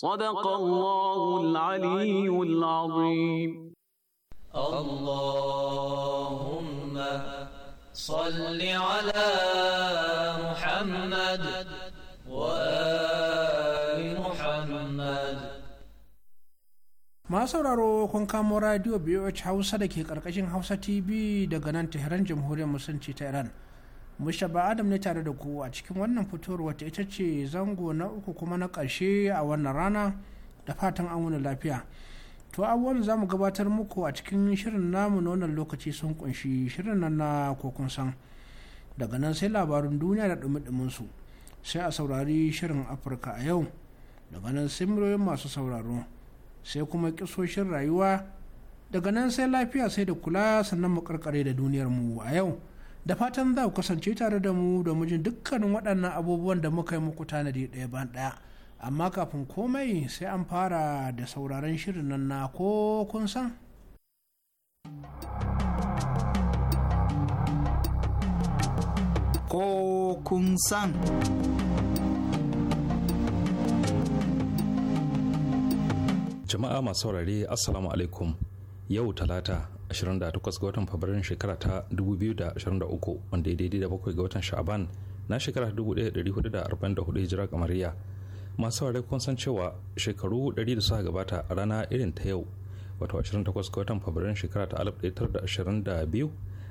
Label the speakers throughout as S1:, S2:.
S1: صدق الله العلي العظيم اللهم صل على
S2: محمد وآل
S1: محمد
S3: masu sauraro kun kamo radio BOH Hausa da ke ƙarƙashin Hausa TV daga nan Tehran Jamhuriyar Musulunci ta Iran. mushaba adam ne tare da ku a cikin wannan fitowar wata ita ce zango na uku kuma na ƙarshe a wannan rana da fatan an wani lafiya to abubuwan za mu gabatar muku a cikin shirin namu na wannan lokaci sun kunshi shirin nan na kokun san daga nan sai labarin duniya da dumi su sai a saurari shirin afirka a yau daga nan sai miliyoyin masu sauraro sai kuma kisoshin rayuwa daga nan sai lafiya sai da kula sannan mu karkare da duniyar mu a yau da fatan za ku kasance tare da mu da mujin dukkanin waɗannan abubuwan da muka yi muku tanadi ɗaya ban ɗaya amma kafin komai sai an fara da sauraron shirin nan na ko kun san
S4: ko kun san
S5: jama'a masu saurare assalamu alaikum yau talata 28 ga watan fabrairun shekara ta 2023 wanda ya daidai da bakwai ga watan sha'aban na shekara 1444 hijira kamariya masu ware kun san cewa shekaru 100 da suka gabata a rana irin ta yau wato 28 ga watan fabrairun shekara ta 1922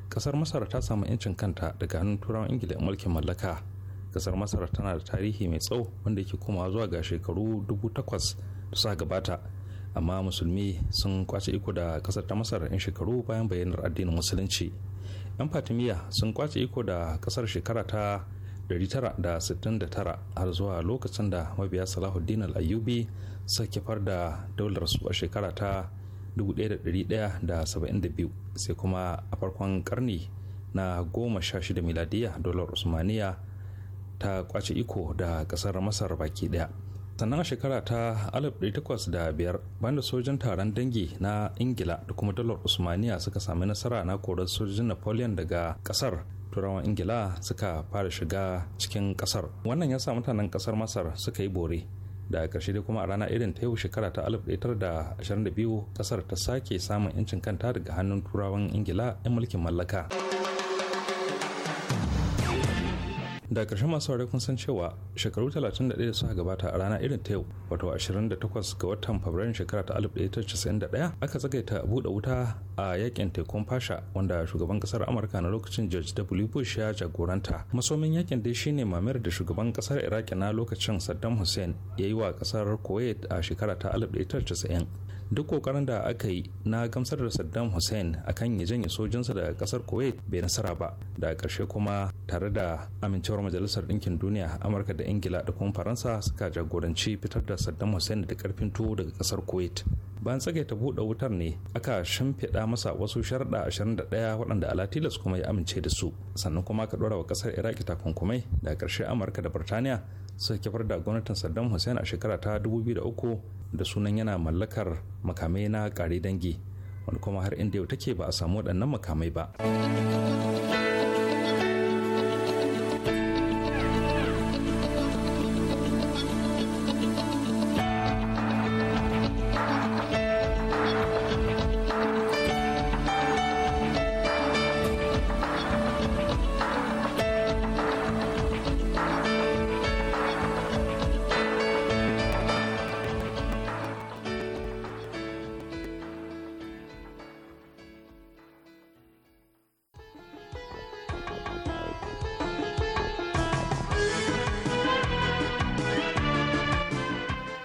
S5: kasar masar ta samu 'yancin kanta daga hannun turawan ingila mulkin mallaka kasar masar tana da tarihi mai tsawo wanda yake komawa zuwa ga shekaru 8000 da suka gabata amma musulmi sun kwace iko da kasar ta masar yan shekaru bayan bayyanar addinin musulunci yan fatimiyya sun kwace iko da kasar shekara ta 969 har zuwa lokacin da mabiya salahuddin al-ayyubi suka far da daular su a shekara ta 1172 sai kuma a farkon karni na 16 miladiya daular usmaniya ta kwace iko da kasar masar baki daya sannan a shekara ta 1805 banda sojin taron dangi na ingila da kuma dalar usmaniya suka sami nasara na korar sojin napoleon daga kasar turawan ingila suka fara shiga cikin kasar wannan ya sa mutanen kasar masar suka yi bore da karshe dai kuma a rana irin ta yau shekara ta 1922 kasar ta sake samun 'yancin kanta daga hannun turawan ingila 'yan mulkin mallaka. da ƙarshen masu ware kun san cewa shekaru 31 da suka gabata a rana irin ta yau wato 28 ga watan fabrairun shekara ta 1991 aka tsagaita buɗe wuta a yakin tekun fasha wanda shugaban ƙasar amurka na lokacin george w bush ya jagoranta masomin yakin dai shine mamayar da shugaban ƙasar iraki na lokacin saddam hussein ya yi wa ƙasar kuwait a shekara ta 1990 duk kokarin da aka yi na gamsar da saddam hussein akan ya janye sojinsa daga kasar kuwait bai nasara ba da karshe kuma tare da amincewar majalisar ɗinkin duniya amurka da ingila da kuma faransa suka jagoranci fitar da saddam hussein da karfin tuwo daga kasar kuwait bayan ta buɗe wutar ne aka shimfiɗa masa wasu ashirin da ɗaya waɗanda alatilas kuma ya amince da su sannan kuma aka ɗora wa ƙasar iraki takunkumai da ƙarshe amurka da birtaniya suka kifar da gwamnatin saddam hussein a shekara ta 2003 da sunan yana mallakar makamai na kare dangi wani kuma har inda yau take ba a samu waɗannan makamai ba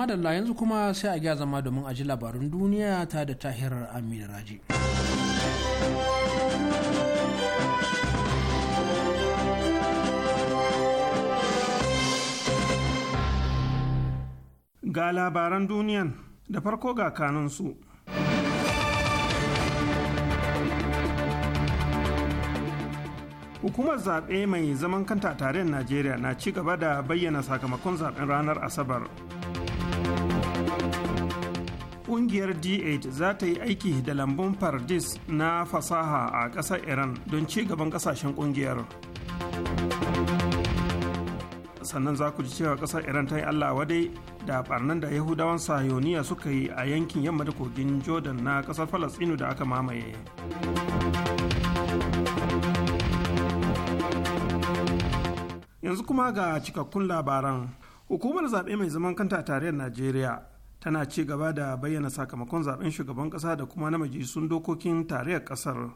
S3: amma da yanzu kuma sai a gya zama domin a ji labarun duniya ta da tahirar Amina Raji.
S4: Ga labaran duniyan da farko ga su Hukumar zaɓe mai zaman kanta tarayyar Najeriya na ci gaba da bayyana sakamakon zaɓen ranar Asabar. kungiyar d8 za ta yi aiki da lambun pardis na fasaha a ƙasar iran don ci gaban ƙasashen kungiyar sannan za ku ji cewa ƙasar iran ta yi allah wadai da barnan da yahudawan sayoniya suka yi a yankin yamma da kogin jordan na ƙasar falasɗinu da aka mamaye yanzu kuma ga cikakkun labaran hukumar zaɓe mai zaman kanta a tarayyar najeriya tana ci gaba da bayyana sakamakon zaben shugaban kasa da kuma na majalisun dokokin tarayyar kasar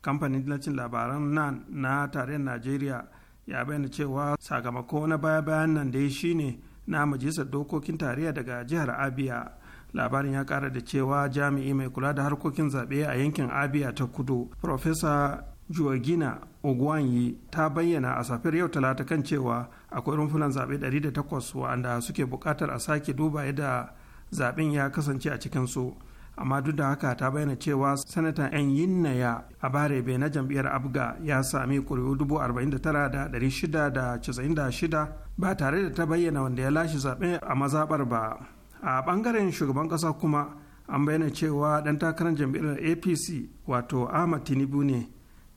S4: kamfanin dillacin labaran nan na tarayyar najeriya ya bayyana cewa sakamako na baya-bayan nan da shine na majalisar dokokin tarayya daga jihar abia labarin ya kara da cewa jami'i mai kula da harkokin zaɓe a yankin abia ta kudu profesa juwagina ogwanyi ta bayyana a safiyar yau talata kan cewa akwai rumfunan zaɓe 108 wanda suke buƙatar a sake duba yadda zaben ya kasance a cikinsu amma duk da haka ta bayyana cewa sanata 'yan yinnaya a barebe na jam'iyyar abga ya sami kuri'u 49,696 ba tare da ta bayyana wanda ya lashe zaɓe a mazaɓar ba a bangaren shugaban kasa kuma an bayyana cewa dan takarar jam'iyyar apc wato ahmad tinubu ne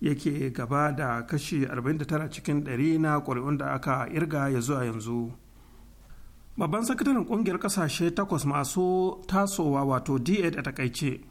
S4: yake gaba da kashi 49 cikin 100 na ƙuri'un da aka irga ya zuwa yanzu babban sakataren kungiyar kasashe takwas masu tasowa wato da a takaice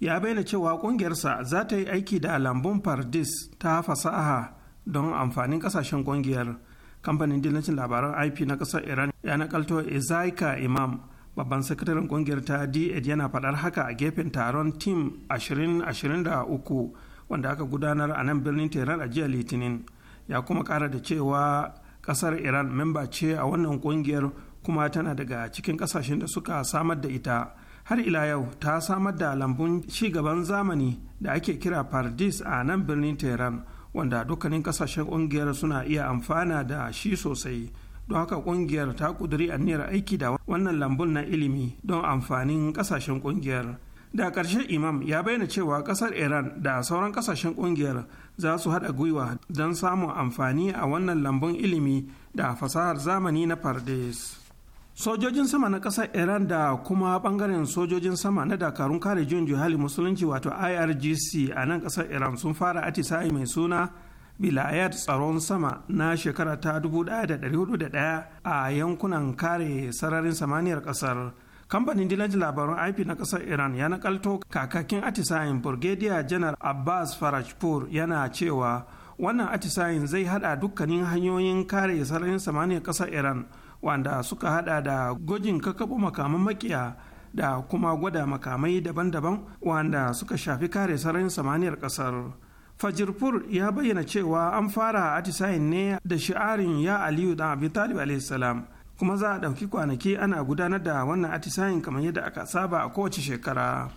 S4: ya bayyana cewa kungiyarsa za ta yi aiki da lambun pardis ta fasaha don amfanin kasashen kungiyar kamfanin dillancin labaran ip na kasar iran ya nakalto Ezaika imam babban sakataren kungiyar ta d yana faɗar haka a gefen taron tim 2023 wanda aka gudanar a nan birnin tehran a jiya litinin ya kuma kara da cewa kasar iran memba ce a wannan kungiyar kuma tana daga cikin kasashen da suka samar da ita har ila yau ta samar da lambun ci gaban zamani da ake kira pardis a nan birnin tehran wanda dukkanin kasashen kungiyar suna iya amfana da shi sosai don haka kungiyar ta kuduri aniyar aiki da wannan lambun na ilimi don amfanin kasashen kungiyar da ƙarshen imam ya bayyana cewa ƙasar iran da sauran ƙasashen ƙungiyar za su haɗa gwiwa don samun amfani a wannan lambun ilimi da fasahar zamani na pardis. sojojin sama na ƙasar iran da kuma ɓangaren sojojin sama na dakarun kare juyin juhali musulunci wato irgc a nan ƙasar iran sun fara atisaye mai suna bilayat tsaron sama na shekara ta 1401 a yankunan kare sararin samaniyar ƙasar kamfanin dilancin labarun ip na ƙasar iran ya nakalto kakakin atisayin brigadier janar abbas farajpur yana cewa wannan atisayen zai hada dukkanin hanyoyin kare sararin samaniyar ƙasar iran wanda suka hada da gwajin kakkaɓo makaman makiya da kuma gwada makamai daban-daban wanda suka shafi kare sararin samaniyar kasar. Fajirfur ya bayyana cewa an fara atisayin ne da shi'arin ya aliyu dan abi talib salam kuma za a ɗauki kwanaki ana gudanar da wannan atisayin kamar yadda aka saba a kowace shekara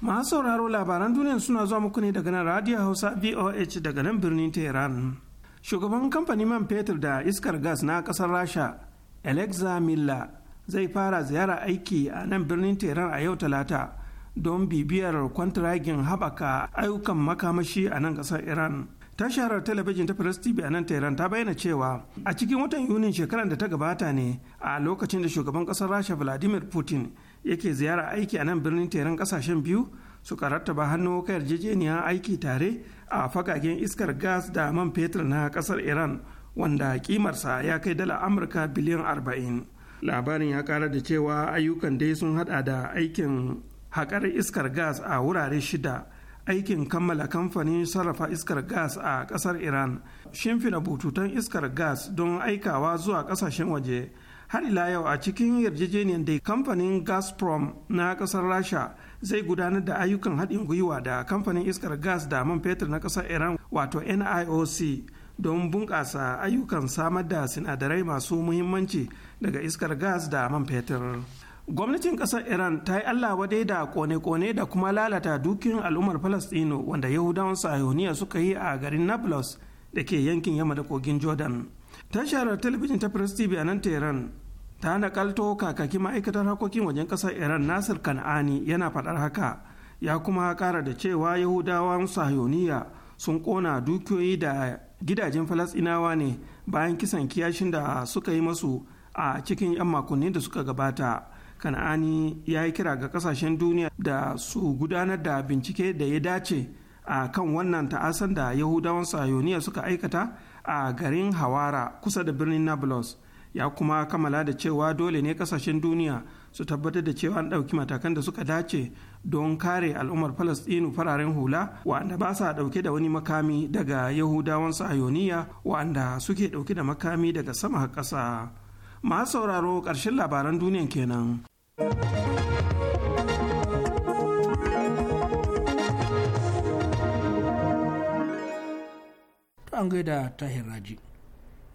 S4: masu sauraro labaran duniya suna zuwa muku ne daga nan radio hausa voh daga nan birnin tehran shugaban kamfanin man fetur da iskar gas na ƙasar rasha alexa miller zai fara ziyara aiki a nan birnin tehran a yau talata don bibiyar kwantiragin haɓaka ayyukan makamashi a nan ƙasar iran tasharar talabijin ta press tv a nan tehran ta bayyana cewa a cikin watan yunin shekarar da ta gabata ne a lokacin da shugaban ƙasar rasha vladimir putin yake ziyara aiki a nan birnin tehran ƙasashen biyu suka rattaba hannu ka yarjejeniyar aiki tare a fagagen iskar gas da man fetur na ƙasar iran wanda kimarsa ya kai dala amurka biliyan arba'in. labarin ya kara da cewa ayyukan dai sun hada da aikin haƙar iskar gas a wurare shida aikin kammala kamfanin sarrafa iskar gas a ƙasar iran shimfina bututun iskar gas don aikawa zuwa ƙasashen waje har ila yau a cikin yarjejeniyar da kamfanin gasprom na ƙasar rasha zai gudanar da ayyukan haɗin gwiwa da kamfanin iskar gas da man fetur na ƙasar iran wato nioc don bunƙasa ayyukan samar da sinadarai masu muhimmanci daga iskar gas da man fetur. gwamnatin kasar iran ta yi allah wadai da kone-kone da kuma lalata dukiyoyin al'ummar palestino wanda yahudawan sahiyoniya suka yi a garin nablus da ke yankin yamma da kogin jordan tashar talabijin ta press tv a nan tehran ta nakalto kakaki ma'aikatar harkokin wajen kasar iran nasir kan'ani yana faɗar haka ya kuma kara da cewa yahudawan sahiyoniya sun kona dukiyoyi da gidajen falasinawa ne bayan kisan kiyashin da suka yi masu a cikin 'yan makonni da suka gabata kana'ani ya yi kira ga kasashen duniya da su gudanar da bincike da ya dace a kan wannan ta'asan da yahudawan sayoniya suka aikata a garin hawara kusa da birnin nablus ya kuma kammala da cewa dole ne kasashen duniya su tabbatar da cewa an ɗauki matakan da suka dace don kare al'ummar Falasɗinu fararen hula wa'anda ba sa ɗauke da wani makami daga Yahudawan Sahayoniya wa'anda suke ɗauke da makami daga sama kasa ƙasa. Masu sauraro ƙarshen labaran duniya kenan.
S3: an gaida tahir raji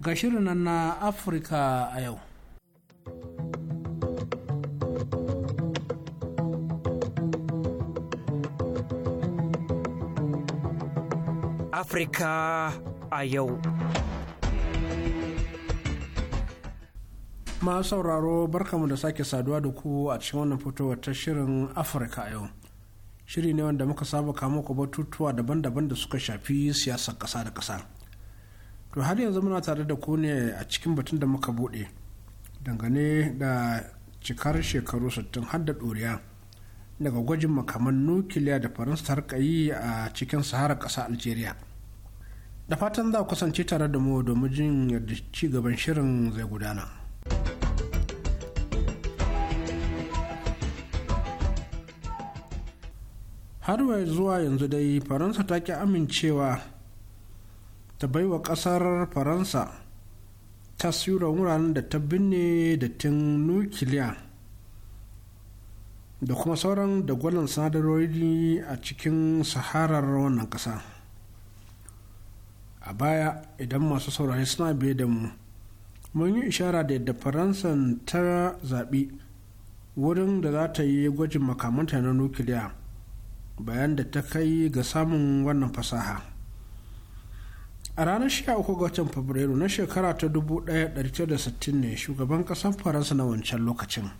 S3: ga shirin nan na afirka a yau
S2: Afirka a yau.
S3: Masu sauraro barkamu da sake saduwa da ku a cikin wannan fitowar ta shirin Afirka a yau. Shiri ne wanda muka saba kamo ku batutuwa daban-daban da suka shafi siyasar ƙasa da ƙasa. To har yanzu muna tare da ku ne a cikin batun da muka buɗe dangane da cikar shekaru sittin har da ɗoriya daga gwajin makaman nukiliya da faransa harkayi a cikin sahara ƙasa Algeria. da fatan za kusance tare da mu domin jin yadda ci gaban shirin zai gudana har zuwa yanzu dai faransa ta ki amincewa ta bai wa kasar faransa taswirar wuraren da ta binne dattin nukiliya da kuma sauran dagwalon sadarori a cikin saharar wannan kasa a baya idan masu saurari suna biye da mu mun yi ishara da yadda faransa ta zaɓi wurin da za ta yi gwajin makamanta na nukiliya bayan da ta kai ga samun wannan fasaha a ranar 13 ga watan fabrairu na shekara ta 1960 ne shugaban ƙasar faransa na wancan lokacin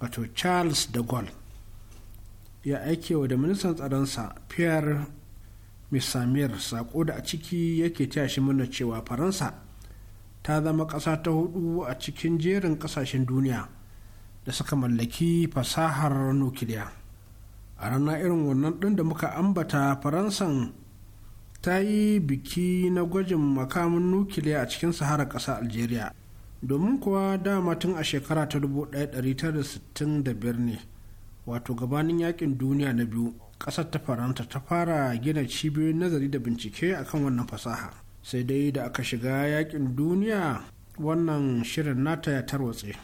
S3: wato charles de gaulle ya aikewa da ministan tsaronsa pierre miss sako da a ciki yake taya shi mana cewa faransa ta zama ƙasa ta hudu a cikin jerin ƙasashen duniya da suka mallaki fasahar nukiliya a ranar irin wannan ɗin da muka ambata faransan ta yi biki na gwajin makamin nukiliya a cikin sahara ƙasa algeria domin kuwa dama tun a shekara ta 1965 ne wato gabanin yakin duniya na biyu ƙasar ta faranta ta fara gina cibiyoyin nazari da bincike akan wannan fasaha sai dai da aka shiga yakin duniya wannan shirin nata ya tarwatse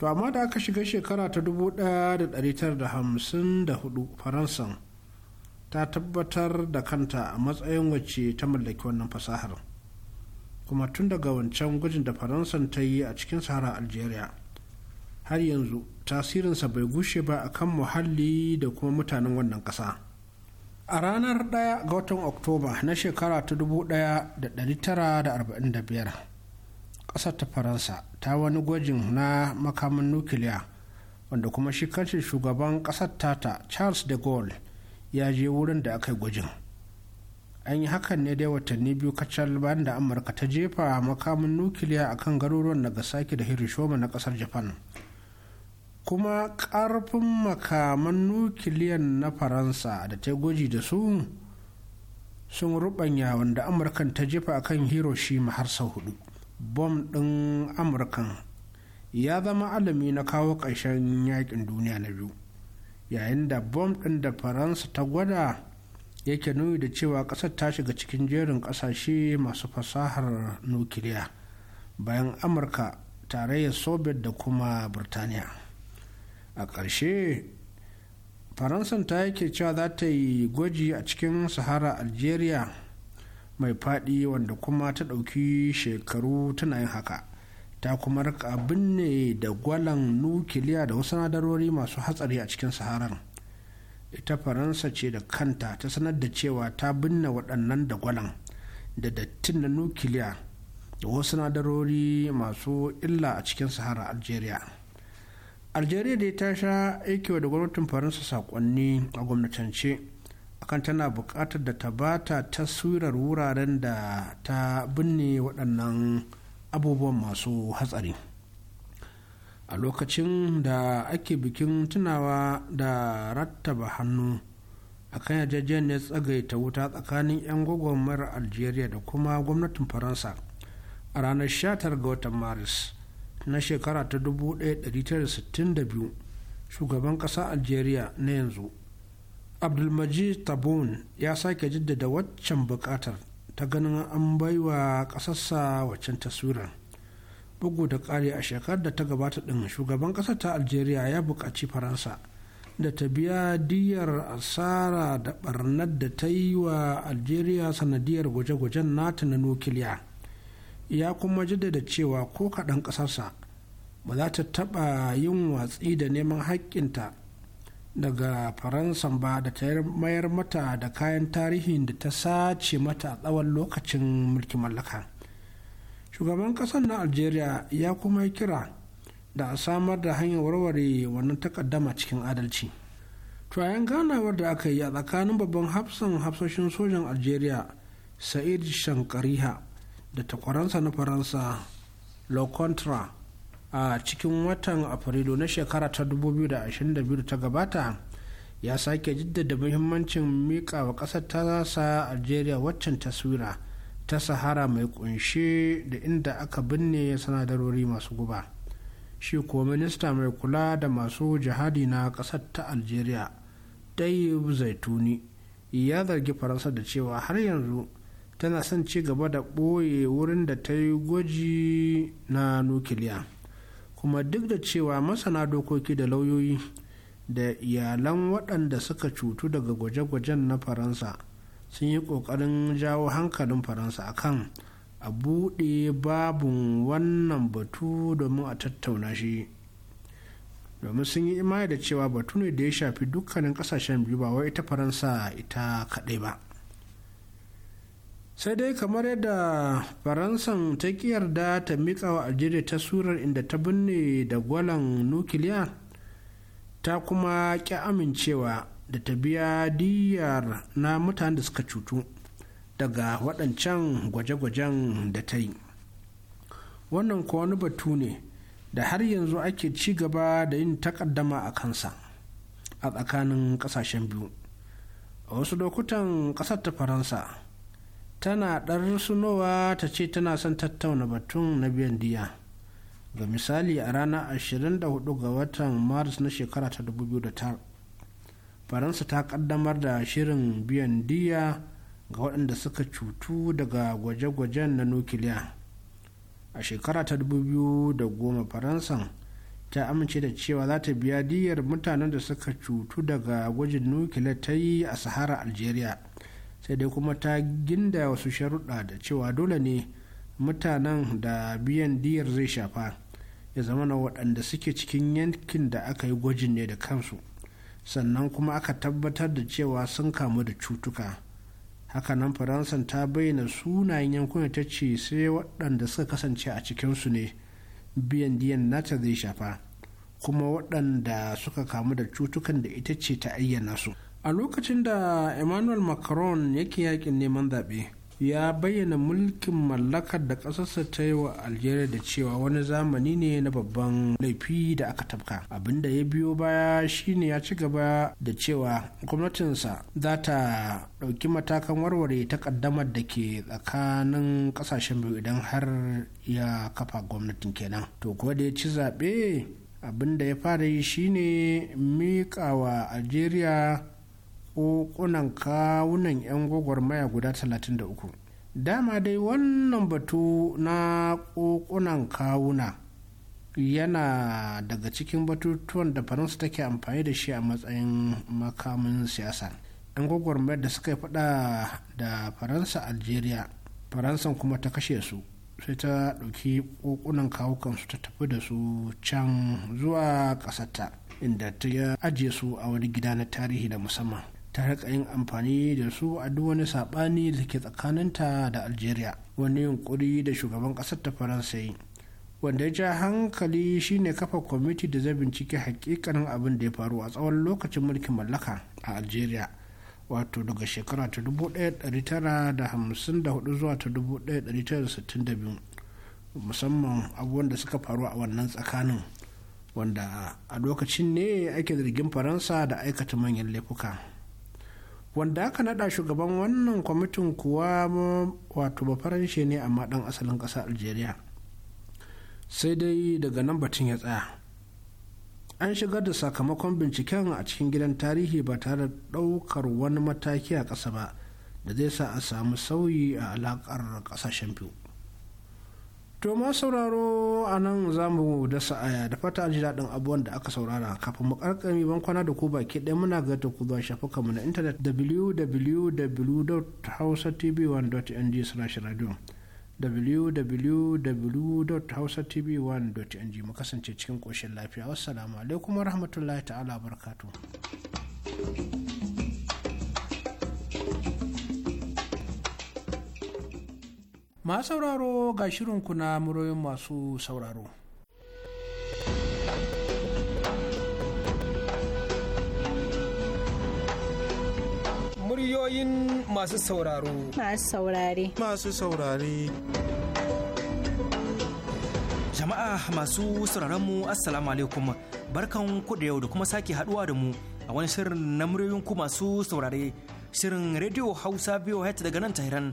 S3: to amma da aka shiga shekara ta 1954 faransan ta tabbatar da kanta a matsayin wacce ta mallaki wannan fasahar kuma tun daga wancan gwajin da faransan ta yi a cikin sahara algeria har yanzu tasirinsa bai gushe ba a kan muhalli da kuma mutanen wannan ƙasa a ranar 1 ga watan oktoba na shekara ta 1945 ƙasar ta faransa ta wani gwajin na makamin nukiliya wanda kuma shi kanshi shugaban ƙasar tata charles de gaulle ya je wurin da aka yi gwajin an yi hakan ne dai watanni biyu kacal bayan da amurka ta jefa makamin nukiliya akan garuruwan nagasaki da hiroshima na ƙasar japan kuma ƙarfin makaman nukiliyan na faransa da ta gwaji da su sun rubanya wanda amurkan ta jefa a kan hiroshima har sau hudu bom ɗin amurkan ya zama alami na kawo ƙarshen yakin duniya na biyu yayin da bom ɗin da faransa ta gwada yake nuni da cewa ƙasar ta shiga cikin jerin ƙasashe masu fasahar nukiliya bayan amurka tarayyar soviet da kuma burtaniya a ƙarshe faransan ta yake cewa za ta yi gwaji a cikin sahara algeria mai faɗi wanda kuma ta ɗauki shekaru tana yin haka ta kuma rika binne da gwalan nukiliya da wasu nadarori masu hatsari a cikin saharan ita faransa ce da kanta ta sanar da cewa ta binne waɗannan da gwalan da dattin na nukiliya da wasu nadarori masu illa a cikin sahara algeria algeria dai ta sha aikewa da gwamnatin faransa sakonni a gwamnatance akan tana bukatar da ta bata taswirar wuraren da ta binne waɗannan abubuwan masu hatsari a lokacin da ake bikin tunawa da rattaba hannu akan yarjejeniyar tsagaita wuta tsakanin 'yan gwagwarmayar algeria da kuma gwamnatin faransa a ranar 19 ga watan maris na shekara ta 1962 shugaban ƙasa algeria na yanzu abdulmajid tabun ya sake jaddada waccan buƙatar ta ganin an baiwa ƙasarsa waccan taswirar bugu da ƙari a shekarar da ta gabata ɗin shugaban ƙasa ta algeria ya buƙaci faransa da ta biya diyar asara da ɓarnar da ta yi wa algeria sanadiyar gwaje-gwajen nata na nukiliya ya kuma jaddada cewa ko kaɗan ƙasarsa ba za ta taɓa yin watsi da neman haƙƙinta daga Faransa ba da ta mayar mata da kayan tarihin da ta sace mata a tsawon lokacin mulkin mallaka shugaban ƙasar na algeria ya kuma kira da a samar da hanyar warware wannan takaddama cikin adalci tuwayen ganawar da aka yi a tsakanin babban hafsan hafsoshin sojan algeria sa'id shankariha da takwaransa na faransa contra a cikin watan afrilu na shekara ta 2022 ta gabata ya sake jaddada muhimmancin miƙa wa ƙasar tasa algeria waccan taswira ta sahara mai kunshe da inda aka binne sanadarori masu guba shi kuwa minista mai kula da masu jihadi na kasar ta algeria dai zaituni ya zargi faransa da cewa har yanzu tana son ci gaba da ɓoye wurin da ta yi gwaji na nukiliya kuma duk da cewa masana dokoki da lauyoyi da iyalan waɗanda suka cutu daga gwaje-gwajen na faransa sun yi ƙoƙarin jawo hankalin faransa akan a buɗe babun wannan batu domin a tattauna shi domin sun yi imani da cewa batu ne da ya shafi dukkanin ƙasashen biyu ba wai ita faransa ita kaɗai ba sai dai kamar yadda faransan ta yarda ta miƙa wa algeria ta surar inda ta binne da gwalan nukiliya ta kuma ƙi amincewa da ta biya diyar na mutane da suka cutu daga waɗancan gwaje-gwajen da ta yi wannan kuwa wani batu ne da har yanzu ake ci gaba da yin takaddama a kansa a tsakanin ƙasashen biyu a wasu lokutan ƙasar ta faransa tana ɗan sunowa ta ce tana son tattauna batun na biyan diya ga misali a ranar 24 ga watan maris na shekara ta 2009 faransa ta kaddamar da shirin biyan diya ga waɗanda suka cutu daga gwaje-gwajen na nukiliya a shekara ta 2010 faransan ta amince da cewa za ta biya diyar mutanen da suka cutu daga gwajin nukiliya ta yi a sahara algeria sai dai kuma ta ginda wasu sharuɗa da cewa dole ne mutanen da biyan diyar zai shafa ya zama na waɗanda suke cikin yankin da aka yi gwajin ne da kansu sannan kuma aka tabbatar da cewa sun kamu da cutuka hakanan faransan ta bayyana sunayen yankunan ta ce sai waɗanda suka kasance a cikinsu ne biyan diyan nata zai shafa kuma waɗanda suka kamu da cutukan da ita ce ta ayyana su a lokacin da emmanuel macron yake yakin neman zaɓe ya bayyana mulkin mallakar da ƙasarsa ta yi wa algeria da cewa wani zamani ne na babban laifi da aka tafka abinda ya biyo baya shine ya ci gaba da cewa gwamnatinsa za ta ɗauki matakan warware takaddamar da ke tsakanin ƙasashen biyu idan har ya kafa gwamnatin kenan to kuwa da ya ci zaɓe abin da ya fara yi shine miƙa algeria kokunan kawunan 'yan gwagwarmaya guda 33 dama dai wannan batu na kokunan kawuna yana daga cikin batutuwan da faransa take amfani da shi a matsayin makamin siyasa 'yan gwagwarmayar da suka yi fada da faransa algeria faransan kuma ta kashe su sai ta ɗauki kokunan su ta tafi da su can zuwa ƙasarta inda ta ajiye su a wani gida na tarihi da musamman ta rika yin amfani da su a duk wani saɓani da ke tsakaninta da algeria wani yunkuri da shugaban ƙasar ta faransa yi wanda ya ja hankali shine kafa kwamiti da zai bincike hakikanin abin da ya faru a tsawon lokacin mulkin mallaka a algeria wato daga shekara ta 1954 zuwa ta 1962 musamman abubuwan da suka faru a wannan tsakanin wanda a lokacin ne ake zargin faransa da aikata manyan laifuka wanda aka nada shugaban wannan kwamitin kuwa wato bafaranshe ne amma dan asalin ƙasa algeria sai dai daga nan batun ya tsaya an shigar da sakamakon binciken a cikin gidan tarihi ba tare da ɗaukar wani mataki a ƙasa ba da zai sa a samu sauyi a alaƙar ƙasashen biyu to ma sauraro a nan za mu da sa'aya da fata ji daɗin abubuwan da aka saurara kafin mu karkami ban da ku baki ɗaya muna gata ku zuwa shafukanmu na intanet www.hausatv1.ng slash radio www.hausatv1.ng mu kasance cikin ƙoshin lafiya wassalamu alaikum warahmatullahi ta'ala barkatu. Masu sauraro ga shirinku na muryoyin masu sauraro.
S6: Muryoyin masu sauraro.
S3: Masu saurare.
S2: Masu saurare. Jama'a masu sauraron mu Assalamu alaikum barkan ku da yau da kuma sake haduwa da mu a wani shirin na muryoyin ku masu saurare shirin Radio Hausa biyu daga nan Tehran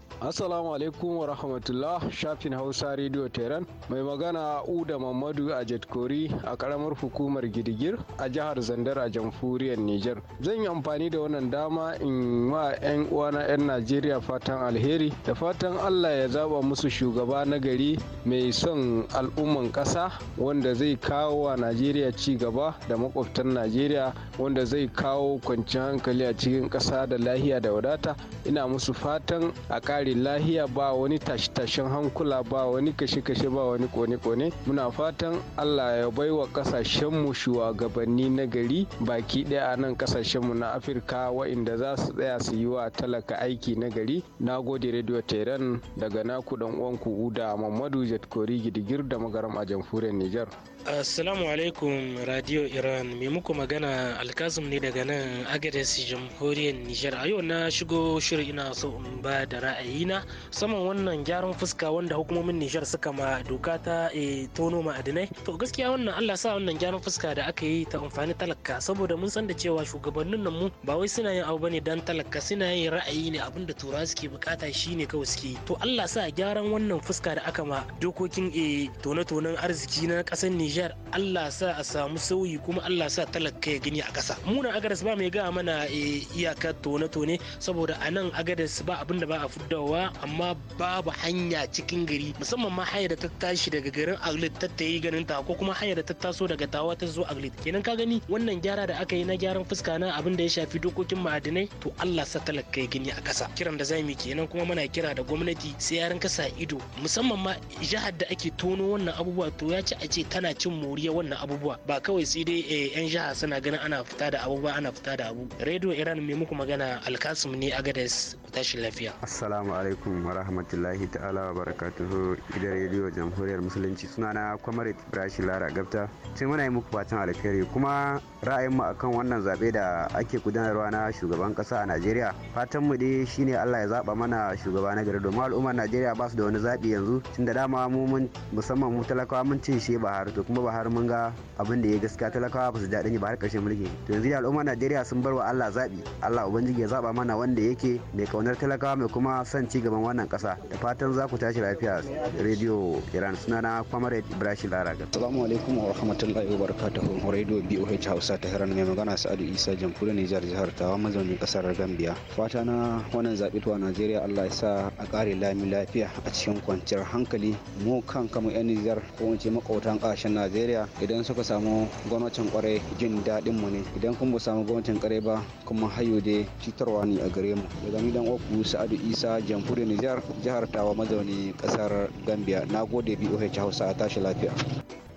S6: Assalamu alaikum wa rahmatullah shafin Hausa Radio Tehran mai magana Uda Mamadu a kori a karamar hukumar Gidigir a jihar Zandar a jamhuriyar niger Zan yi amfani da wannan dama in wa 'yan uwana 'yan Najeriya fatan alheri da fatan Allah ya zaba musu shugaba na gari mai son al'umman kasa wanda zai kawo wa Najeriya ci gaba da makwabtan Najeriya wanda zai kawo kwanciyar hankali a cikin kasa da lahiya da wadata ina musu fatan a kare tsari lahiya ba wani tashe-tashen hankula ba wani kashe-kashe ba wani kone-kone muna fatan allah ya bai wa kasashenmu shugabanni na gari baki daya a nan kasashenmu na afirka wa'inda za su tsaya su yi wa talaka aiki na gari na gode radio teran daga naku dan uwanku uda mamadu jatkori gidigir da magaram a jamhuriyar niger
S7: Assalamu alaikum Radio Iran mai muku magana alkazum ne daga nan Agadez jamhuriyar Nijar a yau na shigo shirin ina so in ba da ra'ayina saman wannan gyaran fuska wanda hukumomin Nijar suka ma doka ta e, tono ma'adinai to gaskiya wannan Allah sa wannan gyaran fuska da aka yi ta amfani talaka saboda mun san da cewa shugabannin nan mu ba wai suna yin abu bane dan talaka suna yin ra'ayi ne abin da turawa suke bukata shine kawai suke to Allah sa gyaran wannan fuska da aka ma dokokin e, tone-tonen arziki na kasar Nijar Nijar Allah sa a samu sauyi kuma Allah sa talaka ya gini a ƙasa. Muna agadas ba mai ga mana eh, iyaka tone-tone saboda a nan agadas ba abin da ba a fuddawa amma babu hanya cikin gari musamman ma hanyar da ta tashi daga garin Aglit ta ta yi ganin ta ko kuma hanyar da ta taso daga tawa ta zo Aglit. Kenan ka gani wannan gyara da aka yi na gyaran fuska na abin da ya shafi dokokin ma'adinai to Allah sa talaka ya gini a kasa Kiran da zamu kenan kuma muna kira da gwamnati sai yaran kasa ido musamman ma jihar da ake tono wannan abubuwa to ya ci a ce tana cin moriya wannan abubuwa ba kawai sai dai eh, yan jiha suna ganin ana fita da abu ba ana fita da abu radio iran mai muku magana alkasim ne agadas ku tashi lafiya
S6: assalamu alaikum wa rahmatullahi ta'ala wa barakatuhu ida radio jamhuriyar musulunci suna na kwamarit ibrahim lara gabta sai muna yi muku fatan alheri kuma ra'ayin mu akan wannan zabe da ake gudanarwa na shugaban kasa a najeriya fatan mu dai shine allah ya zaba mana shugaba na gari domin al'ummar najeriya ba su da wani zabi yanzu tunda dama mu musamman mu talakawa mun ce shi ba har to kuma ba har mun ga abin da ya gaskiya talakawa ba su daɗi ba har ƙarshen mulki to yanzu da al'umma najeriya sun bar wa allah zaɓi allah ubangiji ya zaɓa mana wanda yake mai kaunar talakawa mai kuma son ci gaban wannan ƙasa da fatan za ku tashi lafiya radio iran sunana kwamare ibrahim laraga assalamu alaikum wa rahmatullahi wa barakatuhu radio boh hausa ta hiran mai magana sa'adu isa jamhuriyar nijar jihar tawa mazaunin ƙasar gambia fata na wannan zaɓe tuwa najeriya allah ya sa a ƙare lami lafiya a cikin kwanciyar hankali mu kan kama yan nijar ko in ce makwautan najeriya idan suka samu gwamnatin kwarai jin daɗin mu ne idan kuma samu gwamnatin kwarai ba kuma hayo dai cutarwa ne a gare mu daga ni dan uku sa'adu isa jamhuriyar nijar jihar tawa mazauni kasar gambia na gode boh hausa tashi lafiya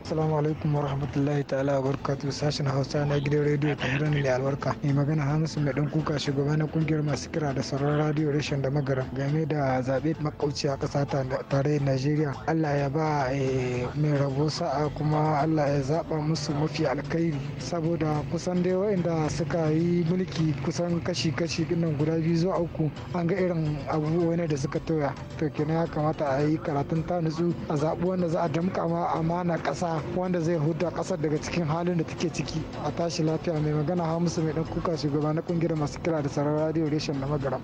S6: Assalamu alaikum wa rahmatullahi ta'ala wa barkatu sashen Hausa na gidan rediyo hirar ne albarka. Mai magana Hamisu mai dan kuka shugaba na kungiyar masu kira da sauran radiyo reshen da magaram game da zaɓe makauci a ƙasa tare Najeriya. Allah ya ba eh, mai rabo sa'a kuma Allah ya zaɓa musu mafi alkhairi saboda kusan dai wa'inda suka yi mulki kusan kashi-kashi nan guda biyu zuwa uku an ga irin abubuwan da suka toya to kenan ya kamata a yi karatun ta nutsu a zaɓi wanda za a damƙa ma amana ƙasa wanda zai huta kasar daga cikin halin da take ciki a tashi lafiya mai magana hamisu mai dan kuka shugaba na kungiyar masu kira da sarar radio reshen na magaram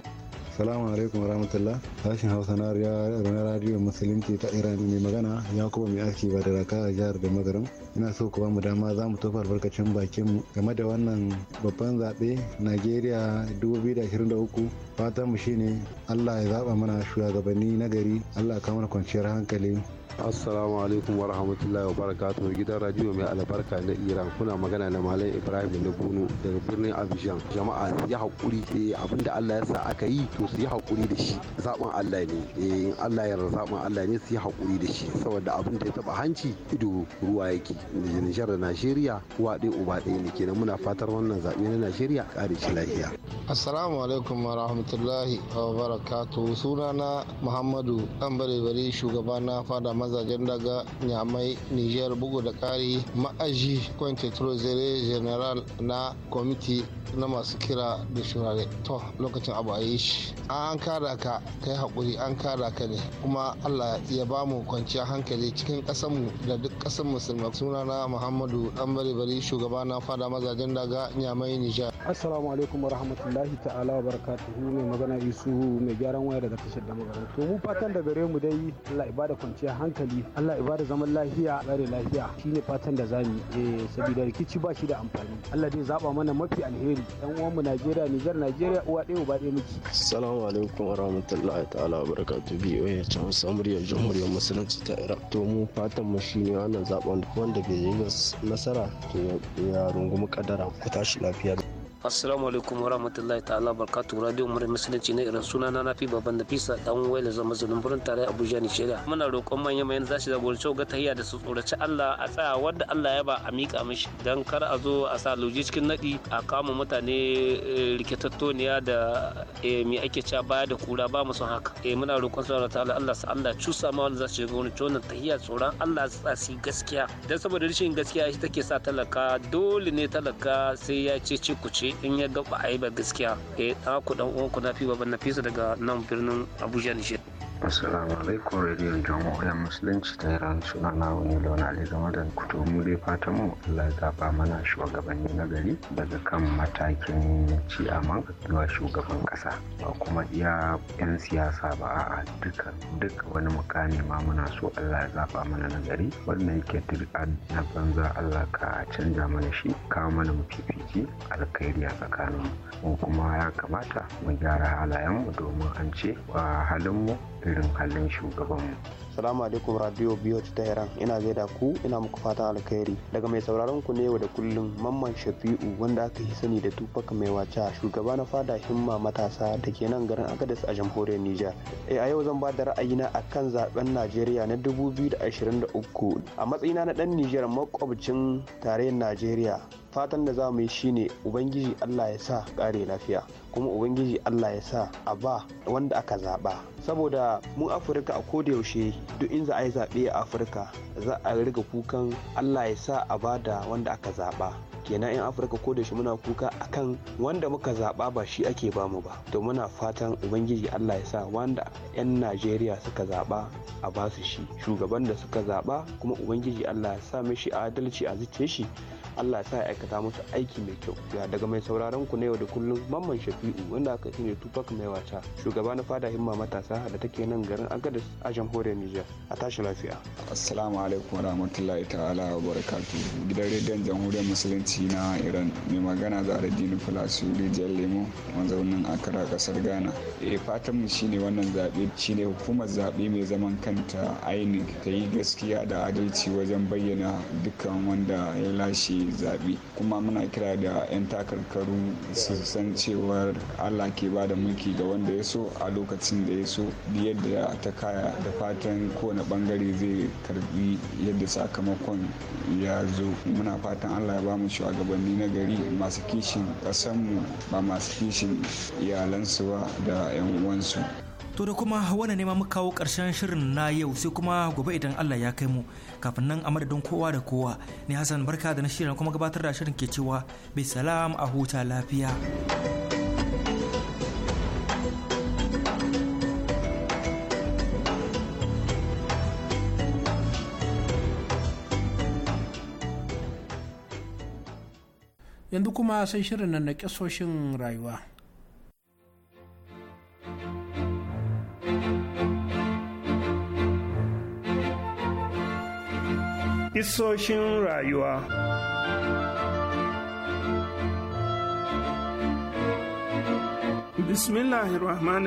S7: Salamu alaikum rahmatullah sashen Hausa na radio Musulunci ta Iran mai magana ya kuma mai aski ba da raka a jihar da magaram. Ina so ku mu dama za mu tofa albarkacin bakin mu game da wannan babban zaɓe Najeriya 2023 fatan mu shine Allah ya zaɓa mana shugabanni na gari Allah ya
S3: kamar kwanciyar hankali
S6: assalamu alaikum wa rahmatullahi wa barakatuh gidan radio mai albarka na iran kuna magana da malam ibrahim na bunu daga birnin abidjan jama'a su yi hakuri eh, abinda allah ya sa aka yi to su yi da shi Zaɓin allah ne eh, in allah ya zaben allah ne su yi hakuri da shi saboda abin da ya taɓa hanci ido ruwa yake nijar da najeriya uwa ɗaya uba ɗaya ne kenan muna fatar wannan zaɓe na najeriya ƙare shi lafiya
S7: assalamu alaikum wa rahmatullahi wa barakatuh sunana muhammadu dan bare
S3: shugaba na fada mazajen daga nyamai niger bugu da kari ma'aji kwance trozere general na kwamiti na masu kira da shirare to lokacin abu a yi shi an kada ka kai haƙuri an kada ka ne kuma allah ya ba mu kwanciyar hankali cikin ƙasanmu da duk ƙasar musulma sunana muhammadu dan bari shugaba na fada mazajen daga nyamai nijar
S6: assalamu alaikum warahmatullahi ta'ala wa barakatuhu mai magana isu mai gyaran waya daga tashar da magana to mu fatan da gare mu dai allah ya bada kwanciyar hankali hankali Allah ya bada zaman lafiya bare lafiya shine fatan da zamu eh saboda rikici ba shi da amfani Allah dai zaba mana mafi alheri yan uwan mu Najeriya Niger Najeriya uwa ɗaya uba ɗaya miki assalamu alaikum wa rahmatullahi ta'ala wa barakatuh bi oye can samuriyar jamhuriyar musulunci ta Iraq to mu fatan mu shine wannan zaba wanda bai yi nasara to ya rungumi kadara ku tashi lafiya
S7: assalamu alaikum warahmatullahi ta'ala barkatu radio mura musulunci na irin suna na nafi baban da fisa dan waila zama zulun burin tare abuja nigeria muna roƙon manyan mayan za su a ga tahiyya da su tsoraci allah a tsaya wadda allah ya ba a miƙa mishi dan kar a zo a sa loji cikin naɗi a kama mutane eh, rikitattoniya da eh, me ake cewa baya da kura ba mu son haka eh muna roƙon su ta'ala allah sa allah cusa ma wanda za su jagoranci wannan tahiyya tsoron allah su gaskiya dan saboda rashin gaskiya shi take sa talaka dole ne talaka sai ya ce ce ku ce in ya ga ba a yi ba gaskiya eh ɗan ku ɗan uwanku na fi ba na fi su daga nan birnin abuja nijar.
S6: Assalamu alaikum radio 'yan musulunci ta Iran suna na wani launa Ali game da kuto mu dai fata mu Allah ya zaba mana shugabanni na gari daga kan matakin ciyaman zuwa shugaban kasa ba kuma iya yan siyasa ba a duka duka wani mukami ma muna so Allah ya zaba mana na gari wannan yake dir'an na banza Allah ka canja mana shi kawo mana mafifici alkhairi a tsakanin mu kuma ya kamata mu gyara halayen mu domin an ce a halin mu irin halin shugabanmu. Salamu alaikum radio biyu ta Iran ina gaida ku ina muku fatan alkhairi daga mai sauraron ku ne da kullum mamman Shafi'u wanda aka yi sani da tufaka mai wacha shugaba na fada himma matasa da ke nan garin Agadez a jamhuriyar Nijar. E eh, a yau zan ba da ra'ayina kan zaben Najeriya na 2023 a matsayina na dan Nijar makwabcin tarayyar Najeriya fatan da za mu yi shine ubangiji Allah ya sa kare lafiya. kuma ubangiji allah ya sa a ba wanda aka zaɓa saboda mu afirka a koda yaushe duk in za a yi zaɓe a afirka za a riga kukan allah ya sa a ba da wanda aka zaɓa kenan yan afirka ko da shi muna kuka akan wanda muka zaba ba shi ake bamu ba to muna fatan ubangiji allah ya sa wanda yan najeriya suka zaba a basu shi shugaban da suka zaba kuma ubangiji allah ya sa mishi adalci a zuce shi Allah ya sa ya aikata musu aiki mai kyau ya daga mai sauraron ku na yau da kullum mamman shafi'u wanda aka shine tupac mai wata shugaba na fada himma matasa da take nan garin agadis a jamhuriyar nijar a tashi lafiya assalamu alaikum warahmatullahi ta'ala wa barakatuhu gidan rediyon jamhuriyar musulunci lokaci na iran mai magana za a dini falasu rijiyar lemo mazaunin akara kasar ghana e fatan mu shine wannan zaɓe shine hukumar zaɓe mai zaman kanta inec ta yi gaskiya da adalci wajen bayyana dukkan wanda ya lashe zaɓe kuma muna kira da 'yan takarkaru su san cewar allah ke ba da mulki ga wanda ya so a lokacin da ya so yadda ta kaya da fatan kowane bangare zai karbi yadda sakamakon ya zo muna fatan allah ya ba mu shugabanni na gari masu kishin ƙasanmu ba masu kishin iyalansu ba da 'yan uwansu
S2: To da kuma wani nema mu kawo ƙarshen shirin na yau sai kuma gobe idan Allah ya kai mu kafin nan a madadin kowa da kowa ne Hassan barka da na shirin kuma gabatar da shirin ke cewa mai salam a huta lafiya.
S3: yanzu kuma sai shirin nan na kisoshin rayuwa
S4: Isoshin rayuwa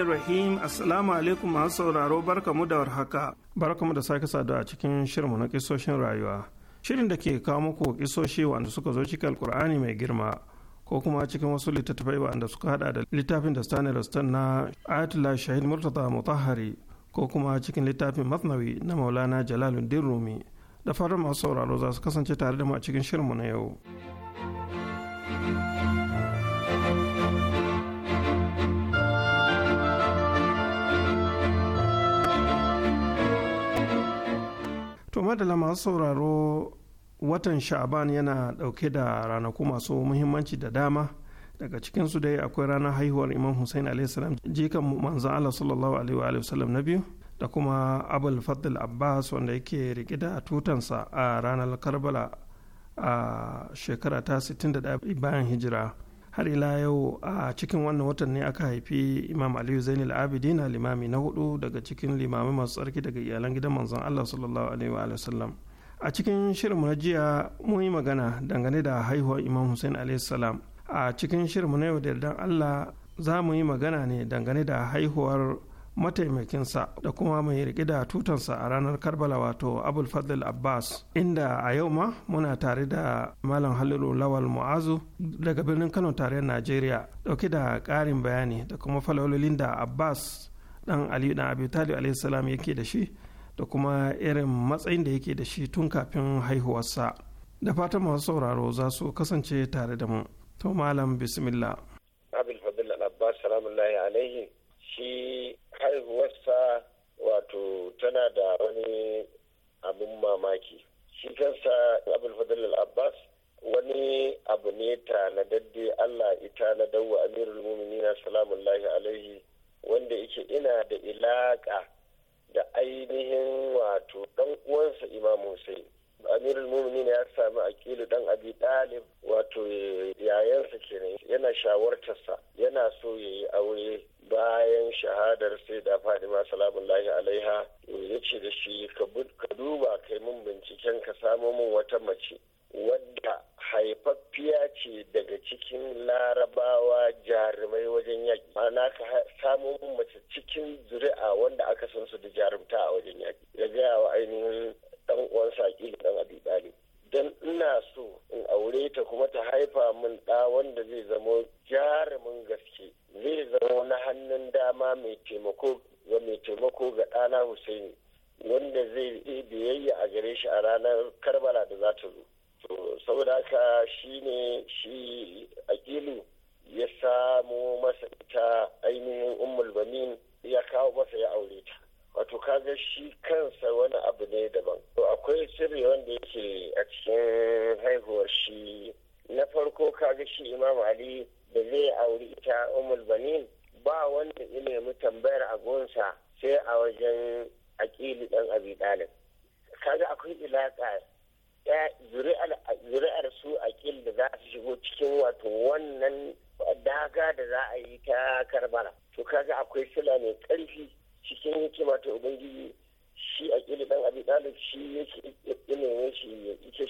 S4: Rahim Assalamu alaikum masu sauraro barkamu da warhaka barkamu da sake saduwa a cikin shirmu na kisoshin rayuwa shirin da ke kawo muku kisoshi wanda suka zo cikin alkur'ani mai girma ko kuma cikin wasu littattafai wanda suka hada da littafin da stanley rustan na ayatollah shahid murtaza mutahari ko kuma cikin littafin masnawi na maulana jalaluddin rumi da fatan masu sauraro za su kasance tare da mu a cikin shirinmu na yau. madala masu sauraro watan sha'aban yana dauke da ranaku masu muhimmanci da dama daga cikinsu dai akwai ranar haihuwar imam hussein alaihissalam jikan manzan allah sallallahu alaihi wa sallam na biyu da kuma abul fadl abbas wanda yake rike da tutansa a ranar karbala a shekara ta 61 bayan hijira har ila yau a cikin wannan watan ne aka haifi imam aliyu zainul abidin limami na hudu daga cikin limamai masu tsarki daga iyalan gidan manzon allah sallallahu alaihi wa sallam a cikin shirin mu na jiya mun yi magana dangane da haihuwar imam hussein alaihi salam a cikin shirin mu na yau da yardan allah za mu yi magana ne dangane da haihuwar mataimakinsa da kuma mai riƙe da tutansa a ranar karbala wato abul fadl abbas inda a yau ma muna tare da malam halilu lawal mu'azu daga birnin kano tarayyar najeriya dauke da ƙarin bayani da kuma falalolin da abbas dan aliyu dan abi talib alaihi salam yake da shi da kuma irin matsayin da yake da shi tun kafin haihuwarsa da fatan masu sauraro za su kasance tare da mu to malam bismillah abul
S1: fadl abbas salamullahi alaihi shi haihuwarsa wato tana da wani abin mamaki shi kansa abulfadl al-abbas wani abu ne tanadadde allah ita na dawo amirul muminina salamullahi alaihi wanda yake ina da ilaka da ainihin wato dan uwansa imam hussein amirul muminin ya sami akilu dan abi dalib wato yayansa kenan yana shawartarsa yana so ya yi aure bayan shahadar sai da fadima salamullahi alaiha ya ce da shi ka duba kai mun binciken ka samo min wata mace wadda haifaffiya ce daga cikin larabawa jarumai wajen yaƙi ana ka samo mace cikin zuri'a wanda aka san su da jarumta a wajen yaƙi ya gaya wa ainihin dan uwansa aƙila dan abi ɗalib dan ina so in aure ta kuma ta haifa min da wanda zai zama jarumin gaske zai zama na hannun dama mai taimako ga mai taimako ga ɗana Hussaini wanda zai yi biyayya a gare shi a ranar Karbala da za ta zo to saboda haka shine shi akilu ya samo masa ta ainihin ummul banin ya kawo masa ya aure ta wato kaga shi kansa wani abu ne daban to akwai sirri wanda yake a cikin haihuwar shi na farko kaga shi imam ali da zai auri ita umul banin ba wanda ya nemi tambayar agonsa sai a wajen aƙili ɗan abi ɗalib kaga akwai ilaƙa zuri'ar su aƙil da za su shigo cikin wato wannan daga da za a yi ta karbala to kaga akwai sila mai ƙarfi cikin hikima ta ubangiji shi a kili dan abi dalib shi yake ilimin shi ya ita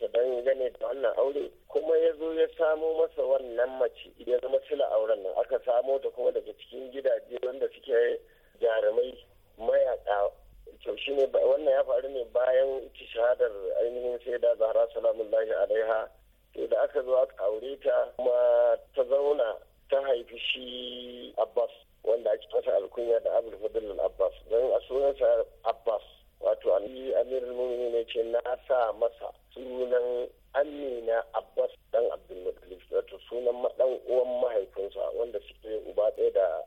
S1: sa don gane da wannan aure kuma ya zo ya samo masa wannan mace ya zama sila auren nan aka samo ta kuma daga cikin gidaje wanda suke jarumai mayaka to shi ne wannan ya faru ne bayan ita shahadar ainihin sai da zahra salamullahi alaiha to da aka zo aka aure ta kuma ta zauna ta haifi shi abbas wanda ake fasa alkunya da da fadl abbas don a sunansa abbas wato aliyu amirul mumini ne ce na sa masa sunan amina abbas dan abdulmuttalib wato sunan madan uwan mahaifinsa wanda suke uba ɗaya da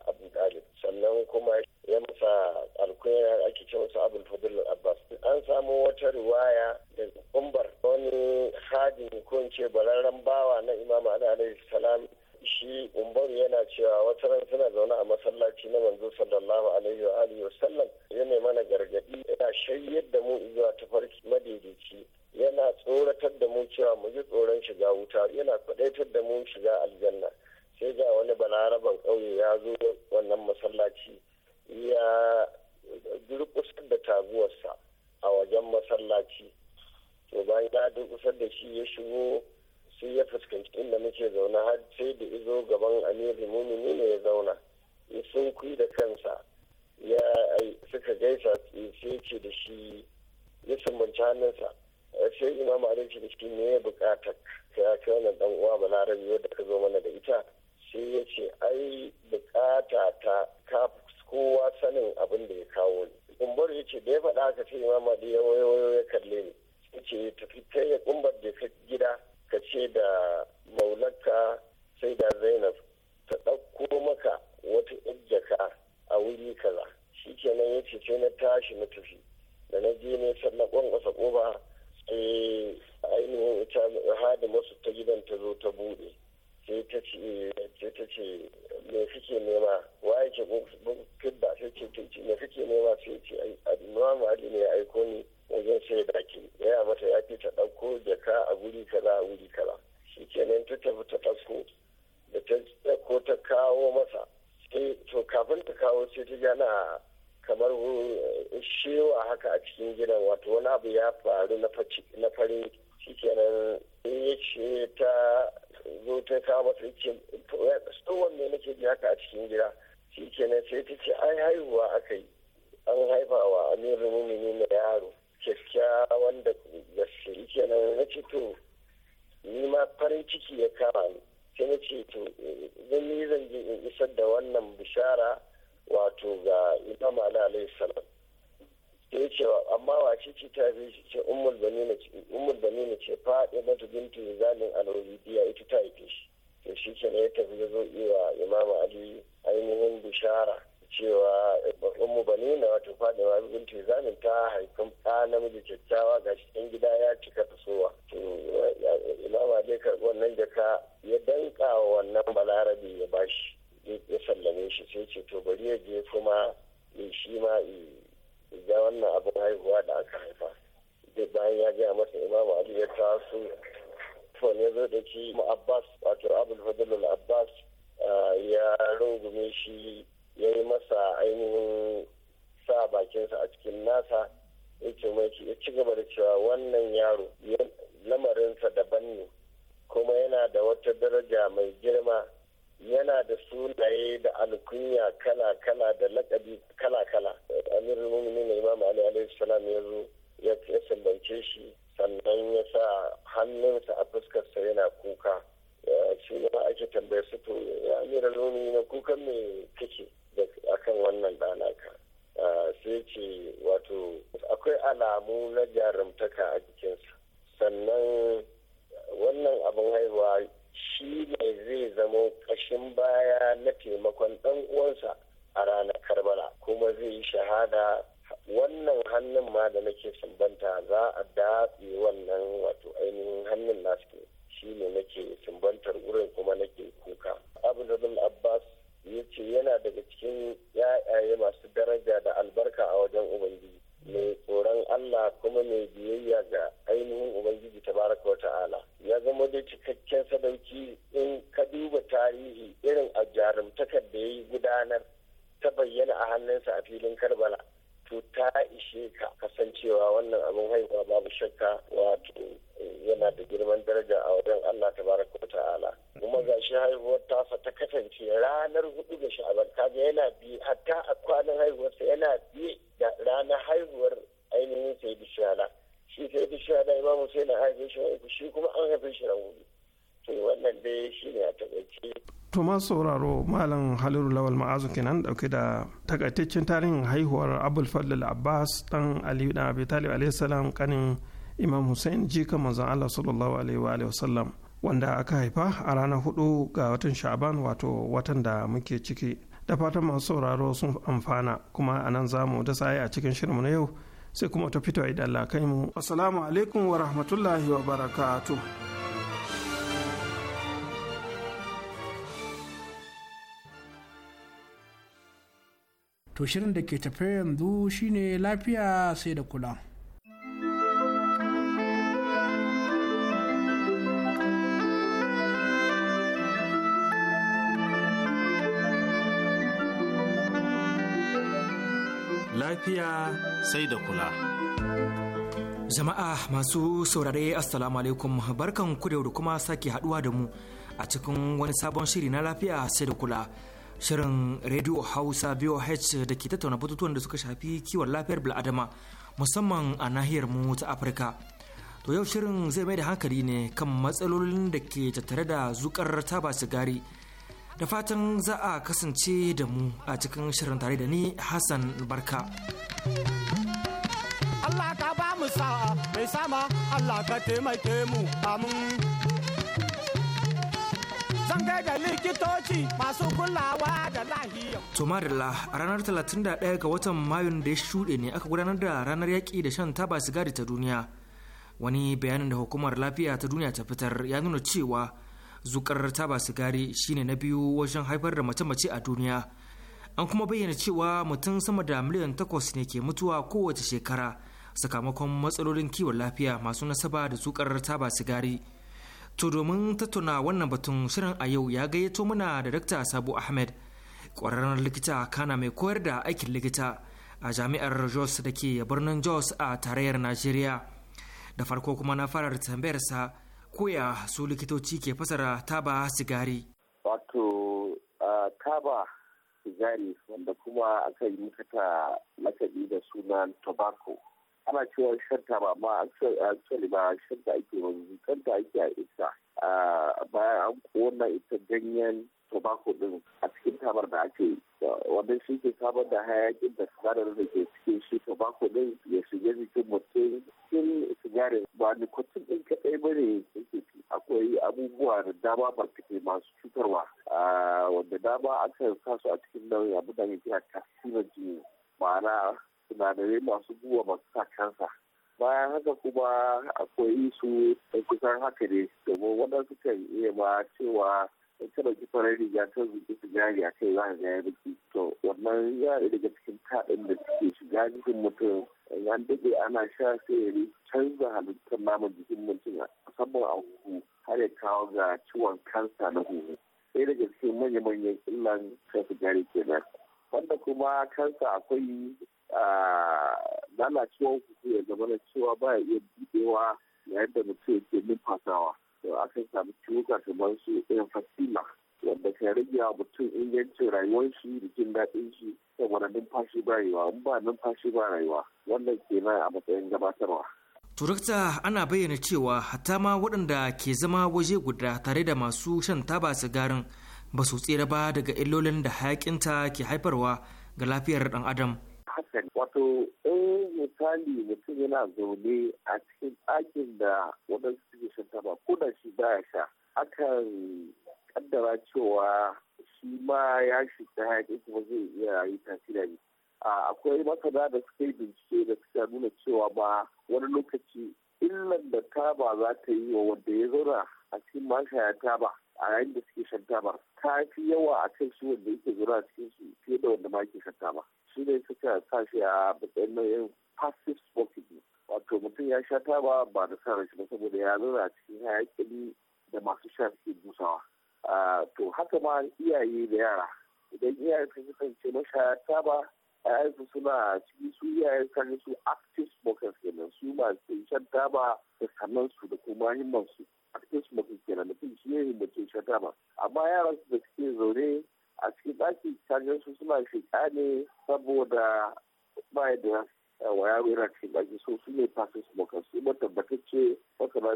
S1: ji yana kamar eh, shewa haka a cikin gidan wato wani abu ya faru na fari shikenan ya ce ta zo ta kawo masa yake tsohon ne nake ji haka a cikin gida shikenan sai ta ce ai haihuwa aka yi an haifa wa amirin mumini na yaro wanda da gaske kenan na ce to ni ma farin ciki ya kama ni sai na ce to eh, zan yi zan je in isar da wannan bishara wato ga imam ali alayhi salam ya ce amma wace ce ta bi ce ummul banina ce ummul banina ce faɗi mata bintu zalin alwajibiya ita ta haife shi to shi ke ya tafi ya zo iya imam ali ainihin bishara cewa ummu banina wato faɗi wa bintu zalin ta haifin ɗa namiji kyakkyawa ga cikin gida ya cika tasowa to imam ali karɓi wannan jaka ya danka wannan balarabe ya bashi ya sallame shi sai ce to bari ya je kuma shi ma ga wannan abin haihuwa da aka haifa duk bayan ya gaya masa imam ali ya su to ne zo da abbas wato abul fadl abbas ya rungume shi ya yi masa ainihin sa bakinsa a cikin nasa ya ce mai ya ci gaba da cewa wannan yaro lamarinsa daban ne kuma yana da wata daraja mai girma yana da sunaye da alkunya kala-kala da lakabi kala-kala amirul muminin imam ali alaihi salam ya zo ya sallance shi sannan ya sa hannunsa a fuskarsa yana kuka shi ne ake tambaye su to ya amirul na kukan me kake akan wannan ɗanaka sai ce wato akwai alamu na jarumtaka a jikinsa sannan ƙashin baya na taimakon ɗan uwansa a ranar karbala kuma zai yi shahada wannan hannun ma da nake sumbanta za a datse wannan wato ainihin hannun nasu shi ne nake sumbantar wurin kuma nake kuka abdul abbas ya ce yana daga cikin ya'yaye masu daraja da albarka a wajen ubangiji mai tsoron Allah kuma mai biyayya ga ainihin Ubangiji ta baraka wa ta'ala. Ya zama da cikakken sadauki in ka duba tarihi irin a jarumtakar da ya yi gudanar ta bayyana a hannunsa a filin Karbala. wato ta ishe ka kasancewa wannan abin haihuwa babu shakka wato eh, yana da girman daraja a wajen Allah tabaraka wa ta'ala kuma ga shi haihuwar tasa ta kasance ranar hudu ga sha'aban kaga yana biye hatta a kwanan haihuwarsa yana biye da ranar haihuwar ainihin sai bishiyala shi sai bishiyala imamu sai na haife shi shi kuma an haife shi a hudu to
S4: wannan sauraro malam haliru lawal ma'azu kenan dauke da takaitaccen tarihin haihuwar abul Fadlal, abbas dan aliyu dan abi talib alaihi kanin imam hussein jika manzon allah sallallahu alaihi wa sallam wanda aka haifa a ranar hudu ga watan shaban wato watan da muke ciki da fatan masu sauraro sun amfana kuma a nan zamu da saye a cikin shirinmu na yau sai kuma ta fito idan Allah kai mu assalamu alaikum wa rahmatullahi wa barakatu.
S3: to shirin da ke tafe yanzu shine lafiya sai da kula.
S4: Lafiya sai da kula.
S2: Jama'a masu saurare Assalamu alaikum barkan ku kuma sake haduwa da mu a cikin wani sabon shiri na lafiya sai da kula. shirin radio hausa voh da ke tattauna batutuwan da suka shafi kiwon lafiyar bil'adama musamman a nahiyar mu ta afirka to yau shirin zai mai da hankali ne kan matsalolin da ke tattare da zukar taba sigari da fatan za a kasance da mu a cikin shirin tare da ni hassan barka
S7: Allah ka ba mu sa'a mai sama Allah ka taimake mu amin zan gaida likitoci masu kulawa da lahiyar.
S2: To Madalla a ranar 31 ga watan Mayun da ya shuɗe ne aka gudanar da ranar yaƙi da shan taba sigari ta duniya. Wani bayanin da hukumar lafiya ta duniya ta fitar ya nuna cewa zukar taba sigari shine na biyu wajen haifar da mace-mace a duniya. An kuma bayyana cewa mutum sama da miliyan takwas ne ke mutuwa kowace shekara sakamakon matsalolin kiwon lafiya masu nasaba da zukar taba sigari. To domin tattauna wannan batun shirin a yau ya gayyato mana da Dakta sabu Ahmed, ƙwararren likita kana mai koyar da aikin likita a jami'ar Jos da ke birnin Jos a tarayyar Najeriya. Da farko kuma na fara tambayarsa koya su likitoci ke fasara taba sigari.
S8: Wato taba sigari wanda kuma aka yi mata lakabi da sunan tobacco. ana cewa shanta ba ma actually ba shanta ake wani shanta ake a isa bayan an kona ita ganyen tobacco din a cikin tabar da ake wannan shi ke samar da hayakin da sigarar da ke cikin shi tobacco din ya shige jikin mutum cikin sigarin ba nikotin din kadai ba ne akwai abubuwa da dama barkatai masu cutarwa wanda dama akan sa su a cikin nauyi abu da ya kira a jini ma'ana sinadarai masu buwa masu sa kansa bayan haka kuma akwai su da kusan haka ne domin waɗansu kan iya ma cewa in ka ɗauki farar riga ta su sigari a kai za ka gaya da ki to wannan ya daga cikin taɗin da suke shiga jikin mutum ya daɗe ana sha sai ya canza halittar naman jikin mutum musamman a huhu har ya kawo ga ciwon kansa na huhu ɗaya daga cikin manya-manyan illan su gari kenan wanda kuma kansa akwai Ah, lalacewar hutu ya zama na cewa ba ya iya buɗewa yayin da mutum yake numfasawa to kan samu ciwuka kamar su irin fasila wanda kan rage wa mutum ingancin rayuwar shi da jin daɗin shi saboda numfashi ba rayuwa in ba numfashi ba rayuwa wannan ke na a matsayin gabatarwa.
S2: turakta ana bayyana cewa hata ma waɗanda ke zama waje guda tare da masu shan taba sigarin ba su tsira ba daga illolin da hayakinta ke haifarwa ga lafiyar ɗan adam.
S8: wato in misali mutum yana zaune a cikin ɗakin da waɗansu suke shan taba ko da shi baya sha akan kaddara cewa shi ma ya shiga hayaƙi kuma zai iya yi tasiri ne akwai masana da suka yi bincike da suka nuna cewa ba wani lokaci illan da taba za ta yi wa wanda ya zauna a cikin mashaya taba a yayin da suke shan taba ta fi yawa a kan shi wanda yake zura a cikin su fiye da wanda ma ke shan taba shi ne suka sa shi a matsayin nau'in passive smoking wato mutum ya sha taba ba da sa shi ba saboda ya zauna cikin hayakin da masu sha suke busawa to haka ma iyaye da yara idan iyaye sun kasance mashaya taba ‘ya'yansu suna ciki su iyaye kan su active smokers kenan su masu shan taba da sannan su da kuma himman su active smokers kenan mutum shi ne mutum shan taba amma yaran su da suke zaune a cikin ɗaki kaga su suna shiga ne saboda bai da waya yaro yana cikin ɗaki so su ne fasin smokers su ba wata ba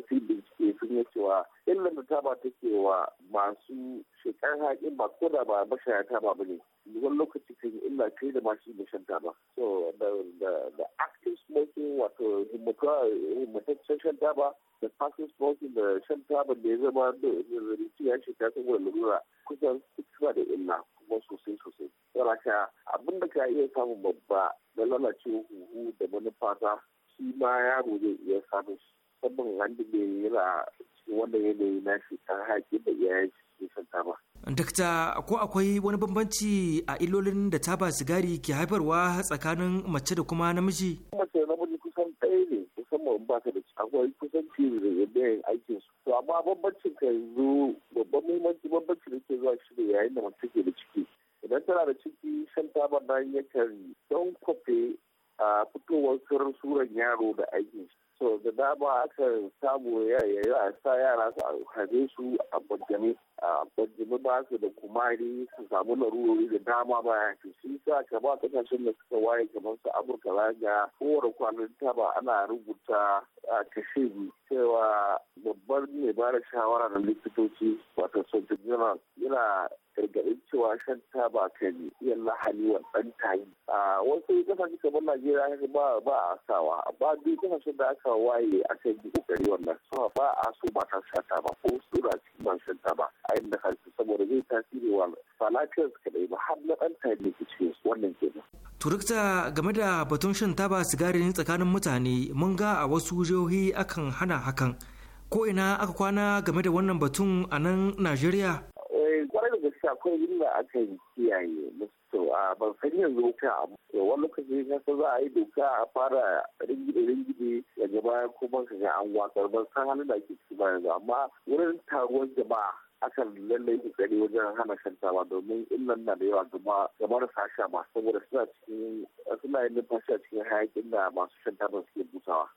S8: su bincike sun yi cewa illar da taba take wa masu shekar haƙin ba ko da ba mashaya ba ne wani lokaci kan yi illa kai da masu da shan ba so da active smoking wato himmataccen shan ba. da fastest walking da shan tabar da ya zama da zarici ya ta saboda lura kusan suna da illa kuma sosai sosai yana abin da ka iya samun babba da lalacewa huhu da manufa shi ma yaro zai iya samun shi saboda wanda bai yana cikin wannan yanayi na shi kan haƙi da iyayen shi nisanta ba.
S2: ko akwai wani bambanci a ilolin da taba sigari ke haifarwa tsakanin mace da kuma namiji?
S8: Mace da namiji kusan ɗaya ne musamman ba ka da akwai kusan fiye da yadda yin aikin su. To amma bambancin ka yanzu babban muhimmanci bambancin da ke zuwa shi ne yayin da mace ke da ciki. Idan tana da ciki shan taba na yakan don kwafe a ah, fitowar sirrin suran yaro da aikin shi. so da dama aka samu yayi a sa yara su hade su a bajjame a bajjame ba su da kumari su samu larurori da dama ba ya fi shi sa ka ba kasashen da suka waye kamar su amurka zaga kowane kwanan taba ana rubuta a kashe cewa babban mai ba da shawara na likitoci wata surgeon yana gargaɗin cewa shan taba kan iya lahani wa ɗan tayi a wasu kasashe kamar najeriya ba ba a sawa ba duk kasashen da aka waye kan yi kokari wannan sama ba a so ba ta sha taba ko sura cikin ban shan taba a inda kansu saboda zai tasiri wa ba su kaɗai ba har na ɗan tayi ne cikin
S2: wannan kenan. turukta game da batun shan taba sigari ne tsakanin mutane mun ga a wasu jihohi akan hana hakan ko ina aka kwana game da wannan batun a nan najeriya
S8: ban san yanzu kan abu wani lokaci ka san za a yi doka a fara ringide ringide ga baya kuma ka ga an watsar ban san halin da ake ciki ba yanzu amma wurin taruwar jama'a akan lallai kokari wajen hana shan ba domin illan na da yawa gama gaba da sasha masu saboda suna cikin suna yin numfashi a cikin hayakin da masu shan taba suke busawa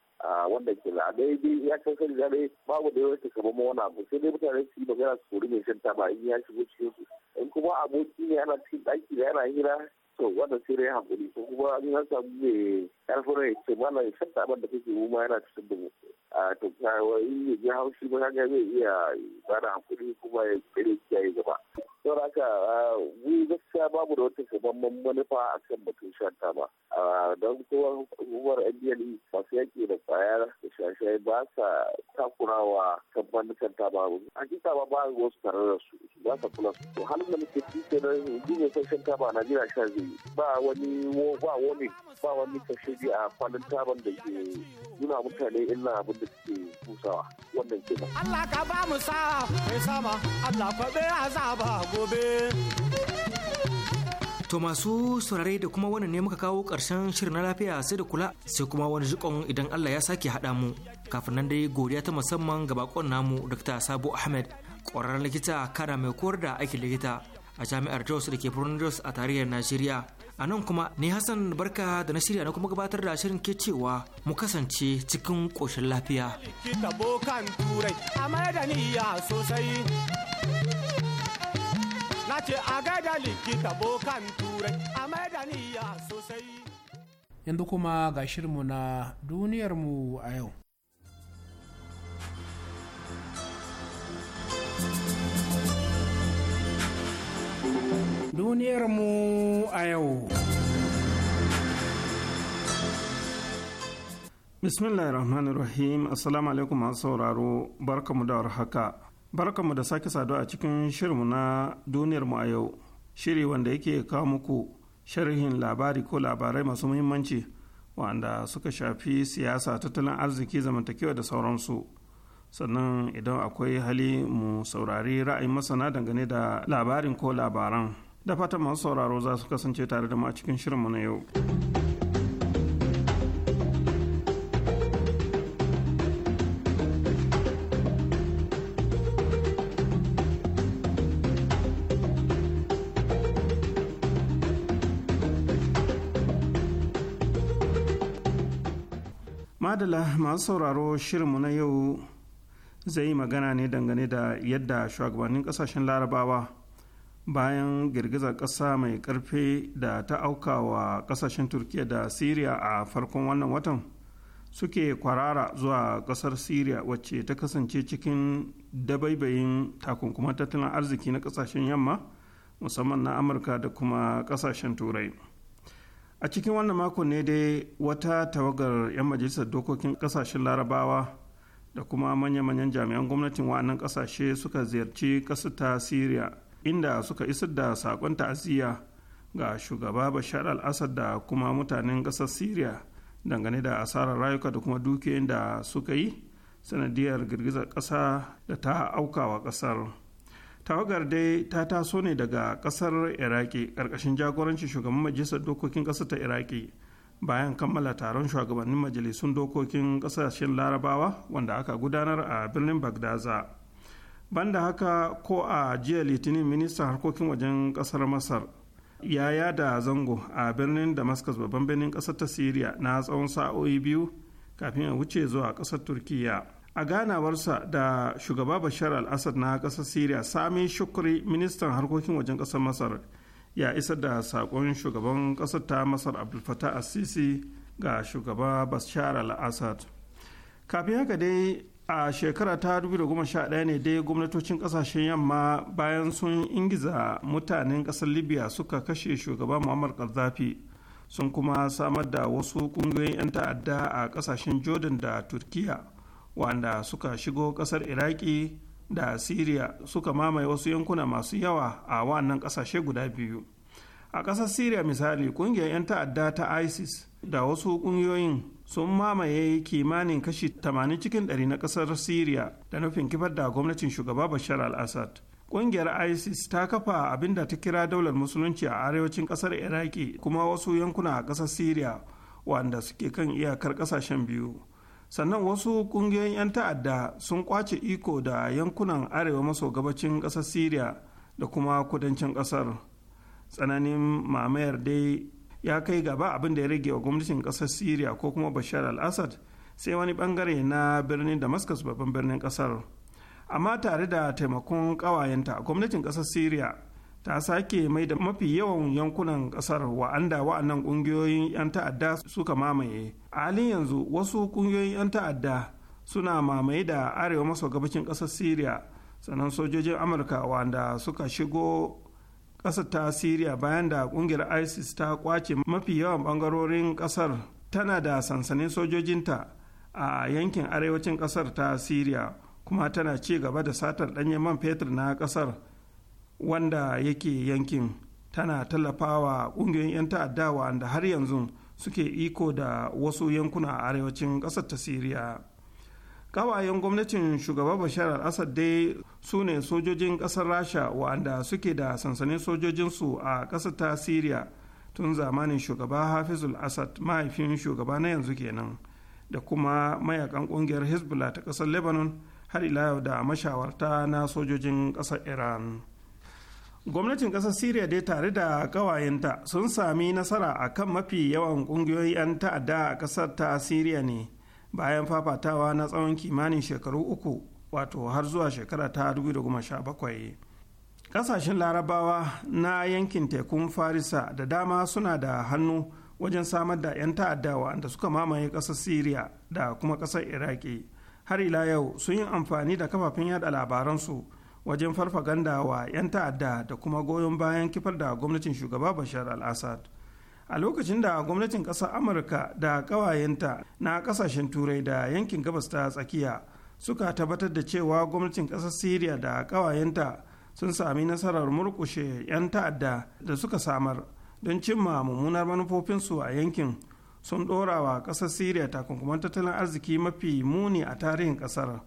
S8: wanda ke da dai ya kan sani da babu da yawa ke kama wani abu sai dai mutane su yi magana su kori mai shan ba in ya shigo cikin su in kuma aboki ne ana cikin ɗaki da yana hira to wanda sai rai hakuri ko kuma an yi samu mai ƙarfin rai ce mana ya shanta abin da kake mu ma yana cikin dubu a to kawai ya haushi ba kaga zai iya bada hakuri kuma ya tsere kiyaye gaba don haka mu gaskiya babu da wata shugaban manufa a kan batun shanta ba don kowa hukumar ndl e masu yaƙi da kwayar da shashai ba sa takurawa kamfanin taba hakika ba ba wasu tare da su ba sa kula to halin da muke cike na duniya son shan taba na najeriya sha zai ba wani ba wani ba wani kashe a kwanan taban da ke nuna mutane illa abin da suke kusawa wannan kenan. Allah
S7: ka ba mu sa mai sama Allah ka bai a sa ba. gobe.
S2: To masu saurare da kuma wannan ne muka kawo ƙarshen shirin na lafiya sai da kula sai kuma wani jikon idan Allah ya sake haɗa mu. Kafin nan dai godiya ta musamman ga bakon namu Dr. Sabo Ahmed, ƙwararren likita kana mai koyar da aikin likita a jami'ar Jos da ke Borno Jos a tarihin Najeriya. A nan kuma ni Hassan Barka da na shirya na kuma gabatar da shirin ke cewa mu kasance cikin koshin lafiya.
S7: Likita turai, a sosai. ce a gaida likita bokan turai a maida sosai
S3: yanzu kuma ga shirmu na duniyarmu a yau duniyarmu
S4: a yau bismillahir rahmanir rahim assalamu alaikum masu sauraro barkamu da warhaka Barkanmu da sake saduwa a cikin shirinmu na duniyarmu a yau, shiri wanda yake kawo muku sharhin labari ko labarai masu muhimmanci wanda suka shafi siyasa, tattalin arziki, zamantakewa da sauransu. Sannan idan akwai hali mu saurari ra'ayin masana dangane da labarin ko labaran. Da fatan masu sauraro za su kasance tare da mu a cikin shirinmu na yau. adala masu sauraro shirinmu na yau zai yi magana ne dangane da yadda shugabannin kasashen larabawa bayan girgizar ƙasa mai ƙarfi da ta auka wa ƙasashen turkiya da syria a farkon wannan watan suke kwarara zuwa ƙasar syria wacce ta kasance cikin dabaibayin takunkuman tattalin arziki na ƙasashen yamma musamman na amurka da kuma ƙasashen turai a cikin wannan makon ne dai wata tawagar 'yan majalisar dokokin kasashen larabawa da kuma manya-manyan jami'an gwamnatin wa'annan kasashe suka ziyarci ƙasar ta syria inda suka isar da saƙon ta'aziyya ga shugaba bashar al-assad da kuma mutanen ƙasar syria dangane da asarar rayuka da kuma dukiyoyin da suka yi sanadiyar girgizar ƙasa da ta auka wa ƙasar tawagar dai ta taso ne daga kasar iraki karkashin jagorancin shugaban majalisar dokokin kasar ta iraki bayan kammala taron shugabannin majalisun dokokin kasashen larabawa wanda aka gudanar a birnin bagdaza banda haka ko a jiya litinin ministan harkokin wajen kasar masar ya yada zango a birnin damascus babban birnin kasar ta syria na tsawon sa'o'i biyu kafin ya wuce zuwa kasar turkiyya a ganawarsa da shugaba bashar al-assad na ƙasar syria sami shukri ministan harkokin wajen ƙasar masar ya isar da sakon shugaban kasar ta masar abdulfatah assisi ga shugaba bashar al-assad kafin haka dai a shekara ta 2011 ne dai gwamnatocin kasashen yamma bayan sun ingiza mutanen kasar libya suka kashe shugaba muhammad gaddafi sun kuma samar da wasu kungiyoyin 'yan ta'adda a kasashen jordan da turkiyya. wanda suka shigo ƙasar iraki da syria suka mamaye wasu yankuna masu yawa a wannan ƙasashe guda biyu a ƙasar syria misali ƙungiyar 'yan ta'adda ta isis da wasu ƙungiyoyin sun mamaye kimanin kashi 80 cikin 100 na ƙasar syria da nufin kifar da gwamnatin shugaba bashar al-assad ƙungiyar isis ta kafa abin da ta kira daular musulunci a arewacin ƙasar iraki kuma wasu yankuna a ƙasar syria wanda suke kan iyakar ƙasashen biyu sannan wasu kungiyoyin 'yan ta'adda sun kwace iko da yankunan arewa maso gabacin ƙasar syria da kuma kudancin ƙasar tsananin mamayar dai ya kai gaba abin da ya rage wa gwamnatin ƙasar syria ko kuma bashar al-assad sai wani bangare na birnin damascus babban birnin ƙasar amma tare da taimakon ƙawayenta gwamnatin ƙasar syria ta sake mai da mafi yawan yankunan kasar wa'anda wa'annan kungiyoyin 'yan ta'adda suka mamaye a halin yanzu wasu kungiyoyin 'yan ta'adda suna mamaye da arewa maso gabashin kasar syria sannan sojojin amurka wanda suka shigo kasar ta syria bayan da kungiyar isis ta kwace mafi yawan bangarorin kasar tana da sansanin sojojinta a yankin arewacin kasar ta syria kuma tana ci gaba da satar danyen man fetur na kasar wanda yake yankin tana tallafawa ƙungiyoyin 'yan ta'adda wanda har yanzu suke iko da wasu yankuna a arewacin ƙasar ta siriya ƙawayen gwamnatin shugaba bashar al-assad dai su ne sojojin ƙasar rasha wa'anda suke da sansanin sojojinsu a ƙasar ta siriya tun zamanin shugaba hafizul assad mahaifin shugaba na yanzu kenan da kuma mayakan ƙungiyar hezbollah ta ƙasar lebanon har ila yau da mashawarta na sojojin ƙasar iran gwamnatin kasar syria dai tare da kawayenta sun sami nasara a kan mafi yawan kungiyoyi 'yan ta'adda a kasar ta syria ne bayan fafatawa na tsawon kimanin shekaru uku wato har zuwa shekara ta 2017 kasashen larabawa na yankin tekun farisa da dama suna da hannu wajen samar da 'yan ta'adda wanda suka mamaye kasar syria da kuma kasar iraki har ila yau sun yi amfani da kafafen yada labaransu wajen farfaganda wa 'yan ta'adda da kuma goyon bayan kifar da gwamnatin shugaba bashar al-assad a lokacin da gwamnatin ƙasar amurka da ƙawayenta na ƙasashen turai da yankin gabas ta tsakiya suka tabbatar da cewa gwamnatin ƙasar syria da ƙawayenta sun sami nasarar murƙushe 'yan ta'adda da suka samar don cimma mummunar manufofinsu a yankin sun ɗora wa ƙasar syria takunkuman tattalin arziki mafi muni a tarihin ƙasar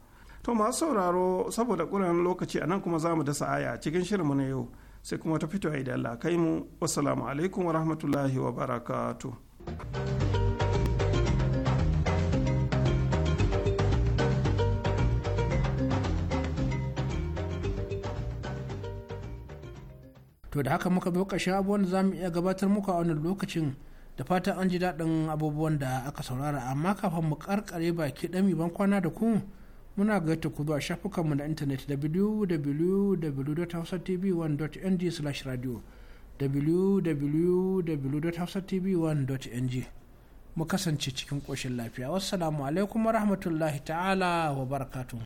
S4: to masu sauraro saboda ƙuran lokaci a nan kuma za mu dasa aya cikin shirinmu na yau sai kuma ta fito idan Allah kai mu wassalamu alaikum wa rahmatullahi wa barakatu
S3: to da haka muka zo ƙarshe abubuwan da za mu iya gabatar muku a wannan lokacin da fatan an ji daɗin abubuwan da aka saurara amma kafin mu karkare baki ɗami ban kwana da ku muna gaita ku zuwa shafukanmu na intanet www.hausatv1.ng/radio www.hausatv1.ng mu kasance cikin ƙoshin lafiya wassalamu alaikum wa rahmatullahi ta'ala wa barakatuhu